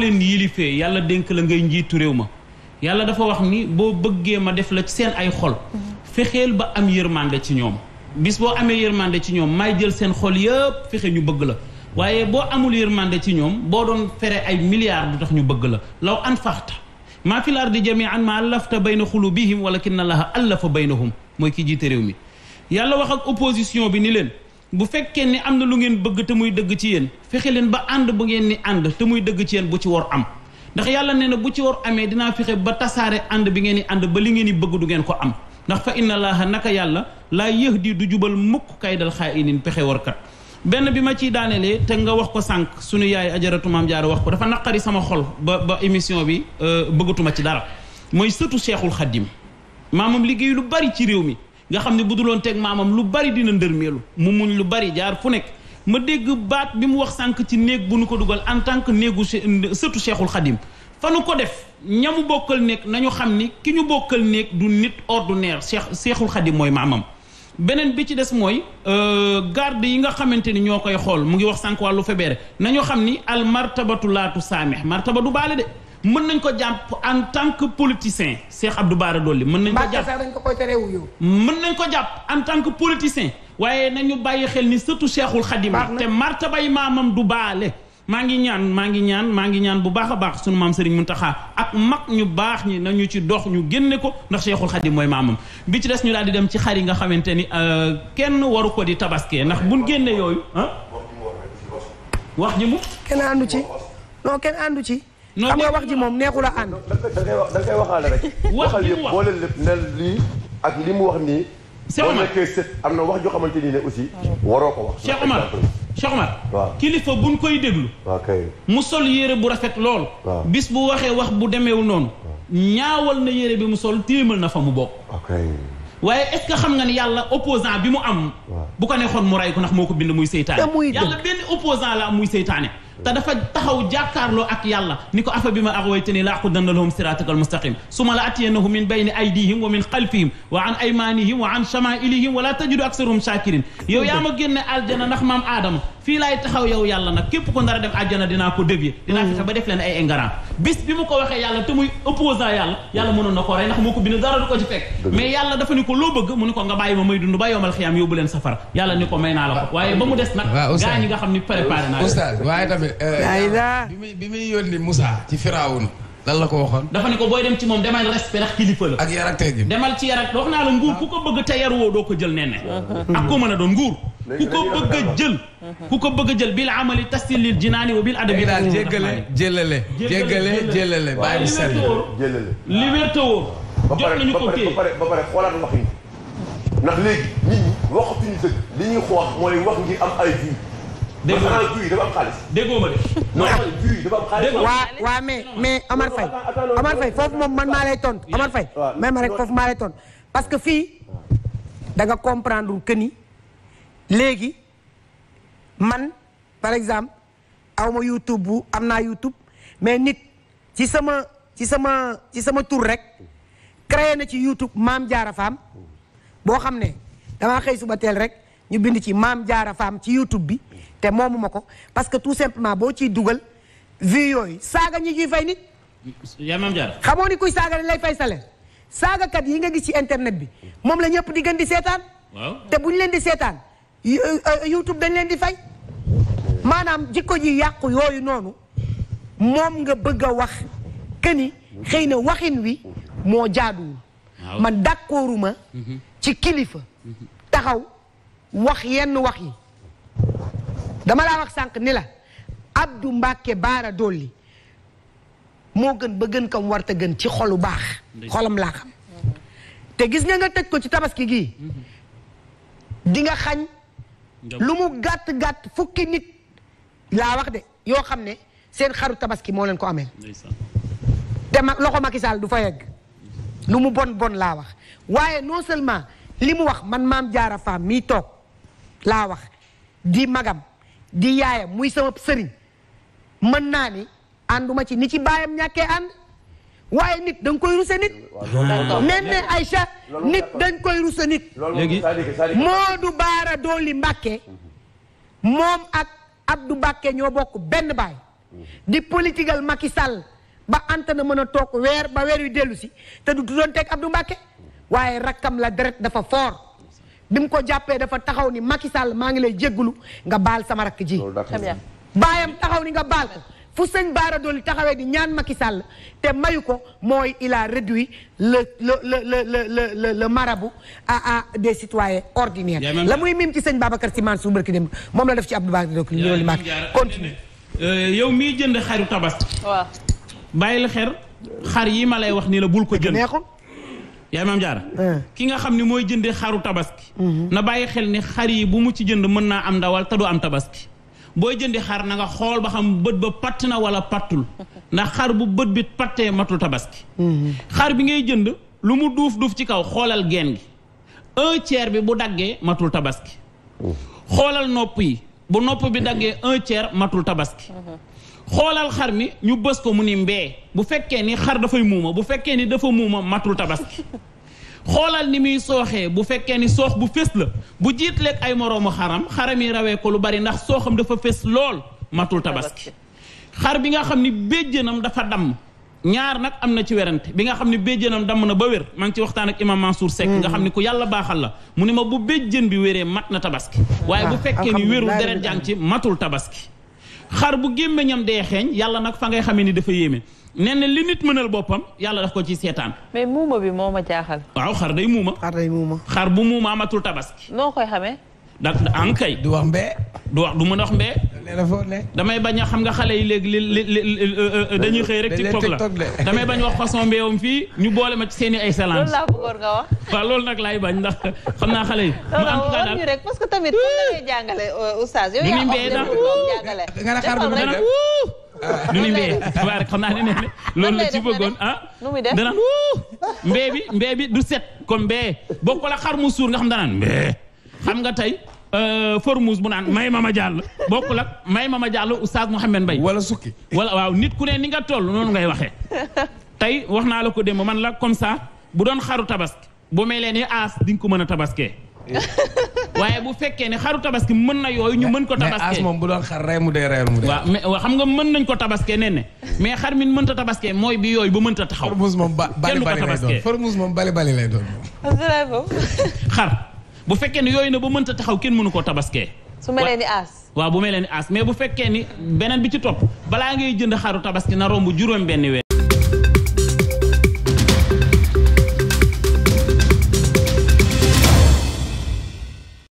leen yilifee yàlla dénk la ngay njiitu réew ma yàlla dafa wax ni boo bëggee ma def la seen ay xol fexeel ba am yërmande ci ñoom bis boo amee yërmande ci ñoom may jël seen xol yëpp fexe ñu bëgg la waaye boo amul yërmande ci ñoom boo doon fere ay milliards du ñu bëgg la law an faxta maa fi l ardi jamian ma allafta bayna xulubihim walakin allaha allafa baynahum mooy ki jiite réew mi yàlla wax ak opposition bi ni leen bu fekkee ni am na lu ngeen bëgg te muy dëgg ci yéen fexe leen ba ànd ba ngeen ni ànd te muy dëgg ci yéen bu ci war am ndax yàlla nee na bu ci war amee dinaa fexe ba tasaare ànd bi ngeen di ànd ba li ngeen di bëgg du ngeen ko am ndax fa inna laaha naka yàlla laa yëx di du jubal mukk kay dal xaa inin pexe warkat benn bi ma ciy daanelee te nga wax ko sànq sunu yaay ajaratu maam jaara wax ko dafa naqari sama xol ba ba émission bi euh, bëggatuma ci dara mooy sëtu cheikhul xaddim maamam liggéey lu bari ci réew mi nga xam ne bu duloon teg maamam lu bari dina ndërmeelu mu muñ lu bari jaar fu nekk ma dégg baat bi mu wax sànq ci néeg bu nu ko dugal en tant que néegu sëtu Cheikhul Khadim fa nu ko def ñamu bokkal néeg nañu xam ni ki ñu bokkal néeg du nit ordinaire Cheikh Cheikhul Khadim mooy maamam beneen bi ci des mooy euh, garde yi nga xamante ni ñoo koy xool mu ngi wax sànq wàllu na nañu xam ni al martabatu laatu saameh martaba baale de mën nañ ko jàpp en tant que politicien Cheikh Abdou Bara Dolly mën nañ ko jàpp mën nañ ko jàpp en tant que politicien waaye nañu bàyyi xel ni surtout Cheikhul Khadim te martabay maamam du baale maa ngi ñaan maa ngi ñaan maa ngi ñaan bu baax a baax sunu maam Serigne Mountakha ak mag ñu baax ñi nañu ci dox ñu génne ko ndax Cheikhul Khadim mooy maamam bi ci des ñu daal di dem ci xar yi nga xamante ni euh, kenn waru ko di tabaskee ndax buñ génne yooyu ah wax ji mu kenn àndu ci xam nga wax ji moom neexul a ànd. da nga da koy waxaale rek. waxal yëpp boole lépp ne ak li mu wax nii. Cheikh Omar am na wax joo xamante ni ne aussi. waroo ko wax. Cheikh Omar Cheikh Omar. waaw kilifa buñ koy déglu. mu sol yére bu rafet lool. bis bu waxee wax bu demeewu noonu. ñaawal na yére bi mu sol tilimal na fa mu bokk. waaye est-ce que xam nga ni yàlla opposant bi mu am. bu ko neexoon mu rey ko ndax moo ko bind muy seytaane. te muy yàlla benn opposant la am muy seytaane. te dafa taxaw jàkkaarloo ak yàlla ni ko afa bi ma axwaytani la aqudanna lahum siratakal mustaqim suma la atiyannahum min bayni aydihim wa min xalfihim wa an aymanihim wa an shamailihim wala tajidu aksarahum shakirin yow yaa ma génne aljana ndax maam aadama fii laay taxaw yow yàlla nag képp ko nar a dem àjjana dinaa ko dévier dinaa fexe ba def leen ay ingérants bis bi mu ko waxee yàlla te muy opposant yàlla yàlla mënoon na ko rey ndax mu ni ko ba leen safara yàlla ni ko may naa la ko waaye ba mu des nag gaa ñi nga xam ni préparé naa oustaz waaye tamit euh, bi muy bi muy yónni Moussa ci Firawun lan la ko waxoon dafa ne ko booy dem ci moom demal respect ndax kilifa ak yar ak demal ci yar wax naa la nguur ku ko bëgg te yar woo doo ko jël nenne ak ko mën a doon nguur ku ko bëgg a jël ku ko bëgg a jël bil amali tastil lil jinaani wa bil adabi daal jéggale jëlale jéggale jëlale bàyyi sell jëlale li wér te wóor jot nañu ko téye ba pare ba pare xoolaat wax yi ndax léegi nit ñi waxatuñu dëgg li ñuy xoox mooy wax ngir am ay vues dégg nga vues yi dafa am xaalis déggoo ma de non vues yi dafa am xaalis waa waa mais mais Omar Faye Omar Faye foofu moom man maa lay tontu Omar Faye même rek foofu maa lay tontu parce que fii da nga comprendre que ni léegi man par exemple aw ma YouTube bu am naa YouTube mais nit ci sama ci sama ci sama tur rek créer na ci YouTube maam jaara faam boo xam ne damaa xëy suba teel rek ñu bind ci maam jaara faam ci YouTube bi te moomu ma ko parce que tout simplement boo ciy dugal vues yi saaga ñi ciy fay nit. yaa maam jaara xamoo ni kuy saaga lay fay saaga kat yi nga gis ci internet bi moom la ñëpp di gën di seetaan. te bu ñu leen di seetaan. Uh, YouTube dañ leen di fay maanaam jikko ji yàqu yooyu noonu moom nga bëgg a wax que ni xëy na waxin wi moo jaaduwul man d'accorduma mhm. ci kilifa taxaw wax yenn wax yi dama laa wax sànq ni la Abdou Mbacke Baara Dolli moo gën ba gën kam warta gën ci xolu baax xolam laa xam te gis nga nga tëj ko ci tabaski gii mhm. di xañ lu mu gàtt gàtt fukki nit laa wax de yoo xam ne seen xaru tabaski moo leen ko amee te ma loxo Macky Sall du fa yegg lu mu bon bon laa wax waaye noo seulement li mu wax man maam jaara faam mii toog laa wax di magam di yaayam muy sama sëriñ mën naa ni ànduma ci ni ci baayam ñàkkee ànd waaye nit da nga koy rusa nit. nee ay Aïcha nit dañ koy rusa nit. léegi Moodu Baara Dooli Mbàkke moom ak Abdou Mbàkke ñoo bokk benn baay. di politigal Macky Sall ba anta na mën a toog weer ba weer yu dellu si te du doon teg Abdou Mbàkke waaye rakkam la deret dafa fort. bi mu ko jàppee dafa taxaw ni Macky Sall maa ngi lay jéggulu nga baal sama rakk ji. baayam taxaw ni nga baal ko. bu sëñ Bara Dolly taxawee di ñaan Macky Sall te mayu ko mooy il a réduit le le le le le le le marabout à la muy mim ci sëñ Babacar Sy Mansour ki dem moom la def ci Abdou Bakr Dolly loolu maak continue euh, yow mii jënd xaru tabaski. waaw la xel xar yi ma lay wax ni la bul ko jënd yaay maam jaara ki nga xam ni mooy jënde xaru tabaski. Mhm. na bàyyi xel ni xar yi bu mu ci jënd mën naa am ndawal te du am tabaski. booy jëndi xar nanga xool ba xam bët ba patt na wala pattul ndax xar bu bët bi pattee matul tabaski mm-hmm. xar bi ngay jënd lu mu duuf duuf ci kaw xoolal geen gi un tiers bi bu daggee matul tabaski mm-hmm. xoolal nopp yi bu nopp bi daggee un matul tabaski mm-hmm. xoolal xar mi ñu bës ko mu ni mbee bu fekkee ni xar dafay muuma bu fekkee ni dafa muuma matul tabaski xoolal ni muy sooxee bu fekkee ni soox bu fés la bu jiitleeg ay moroomu xaram xaram yi rawee ko lu bari ndax sooxam dafa fés lool matul tabaski xar bi nga xam ni béjjënam dafa damm ñaar nag am na ci werante bi nga xam ni béjjënam damm na ba wér maa ngi ci waxtaan ak imam Mansour Seck nga xam ni ku yàlla baaxal la mu ne ma bu béjjën bi wéree mat na tabaski waaye bu fekkee ni wérul deret jàng ci matul tabaski xar bu gémmeñam dee xeeñ yàlla nag fa ngay xamee ni dafa yéeme nee na li nit mënal boppam yàlla daf ko ci seetaan. mais muuma bi moo ma jaaxal. waaw xar day muuma. xar day muuma. xar bu muuma amatul tabaski. noo koy xamee. da an kay. du wax mbee. du wax du mën a wax mbee. damay bañ a xam nga xale yi léegi li euh, euh, dañuy xëy rek. tiktok la damay bañ wax façon mbéyam fii ñu boole ma ci seen i ay salans. loolu laa bëggoon nga wax. waaw loolu nag laay bañ ndax xam naa xale yi. mu am kaa daal rek parce que tamit. nga jàngale euh, oustaz yow yaa wax nga xar bu nu ni mbee tubaar xam naa ne ne loolu la ci bëggoon ah danaan wuu mbee bi mbee bi du set comme mbee bokk la xar mu suur nga xam danaan mbee xam nga tey euh, formous bu naan may mama jàll bokkul ak may ma mama jàll oustaz Mouhamed Mbaye wala sukki wala waaw nit ku ne ni nga toll noonu ngay waxee tey wax naa la ko démb man la comme ça bu doon xaru tabaski bu mel leen ni aas di nga ko mën a tabaskee waaye bu fekkee ne xaru tabaski mën na yooyu ñu mën ko tabaskee as moom bu doon xar rey mu dee reyal mu dee waaw mais xam nga mën nañ tabaskee mooy bi yooyu ba mënta taxaw formose moom bali bali lay moom bali bali lay doon xar bu fekkee ne yooyu na ba mënta taxaw kenn mënu koo tabaskee su melee ni aas waaw bu melee aas mais bu fekkee ni beneen bi ci topp balaa ngay jënd xaru tabaski na romb juróom benn weer